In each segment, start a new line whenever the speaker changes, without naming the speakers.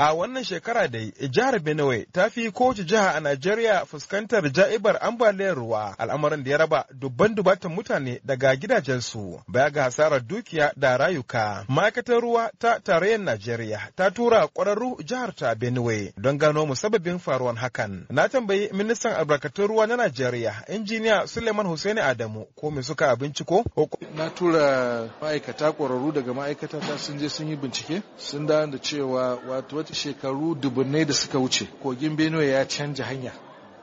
A wannan shekara dai, jihar Benue ta fi kowace jiha a Najeriya fuskantar ja'ibar ambaliyar ruwa al'amarin da ya raba dubban dubatan mutane daga gidajensu baya ga hasarar dukiya da rayuka. Ma'aikatar ruwa ta tarayyar Najeriya ta tura ƙwararru jihar ta Benue don gano musababin faruwar hakan. Na tambayi ministan albarkatun ruwa na Najeriya injiniya Suleiman Hussaini Adamu ko me suka binciko? Na tura ma'aikata ƙwararru daga ma'aikata sun je sun yi bincike sun da cewa wato
shekaru dubunnai da suka wuce kogin benue ya canja hanya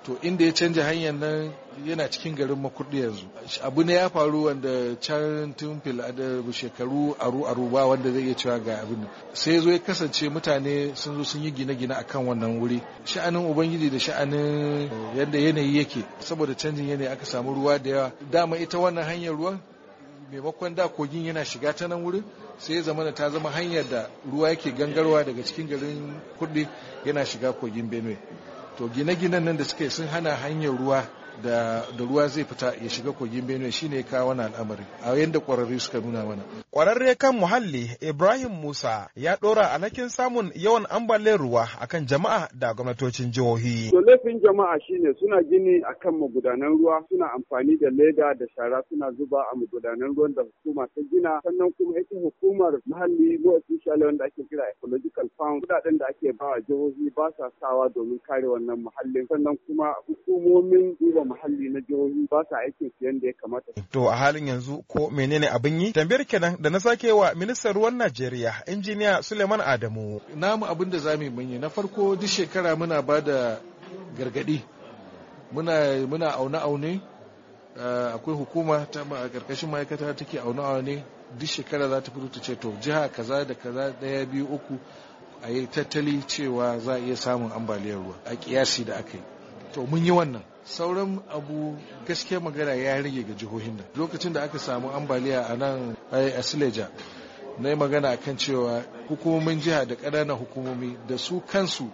to inda ya canja hanyar nan yana cikin garin makurdi yanzu abu ne ya faru wanda can tun da shekaru aru aru ba wanda zai iya cewa ga abin sai zo ya kasance mutane sun zo sun yi gine-gine akan wannan wuri sha'anin ubangiji da sha'anin yadda yanayi yake saboda canjin yanayi aka samu ruwa da yawa dama ita wannan hanyar ruwan maimakon da kogin yana shiga ta nan wurin sai zamana ta zama hanyar da ruwa yake gangarwa daga cikin garin kuɗi yana shiga kogin benue to gine-ginen nan da suka yi sun hana hanyar ruwa
da ruwa zai fita ya shiga kogin benue shine ka wani al'amari a yadda kwararri suka nuna mana kwararre kan muhalli ibrahim musa ya dora alhakin samun yawan ambaliyar ruwa akan jama'a da gwamnatocin jihohi
to laifin jama'a shine suna gini akan magudanan ruwa suna amfani da leda da shara suna zuba a magudanan ruwan da hukuma ta gina sannan kuma ita hukumar muhalli ko especially wanda ake kira ecological fund kudaden da ake ba jihohi ba sa sawa domin kare wannan muhallin sannan kuma hukumomin duba muhalli na jihohi ba sa aikin su yadda ya kamata.
To a halin yanzu ko menene abin yi? Tambayar kenan da na sake wa ministan ruwan Najeriya injiniya Suleiman Adamu. Namu abin da zamu yi na farko duk shekara muna ba da gargadi. Muna
muna aune aune eh, akwai hukuma ta a karkashin ma'aikata take aune aune duk shekara za ta fito ta ce to jiha kaza da kaza daya biyu uku a yi tattali cewa za a iya samun ambaliyar ruwa a kiyasi da aka yi to mun yi wannan sauran abu gaskiya magana ya rage ga jihohin nan lokacin da aka samu ambaliya a nan eh, a sileja na yi magana a kan cewa hukumomin jiha da ƙananan hukumomi da su kansu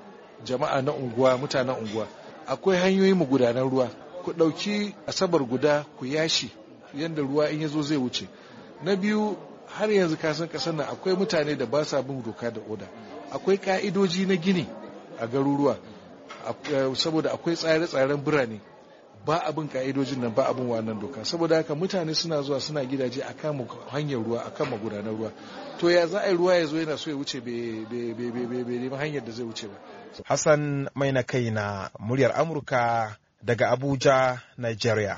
jama'a na unguwa mutanen unguwa akwai hanyoyi gudanar ruwa ku ɗauki asabar guda ku yashi yadda ruwa in ya zo zai wuce na biyu har yanzu kasan ƙasar nan akwai mutane da ba sa bin doka da oda akwai ka'idoji na gini a garuruwa saboda akwai tsare-tsaren birane ba abin ka'idojin nan ba abin wannan doka saboda haka mutane suna zuwa suna gidaje a kan hanyar ruwa a kan gudanar ruwa to ya za a yi ruwa ya zo yana so ya wuce bai nemi hanyar da zai wuce ba
hassan mai na kai na muryar amurka daga abuja nigeria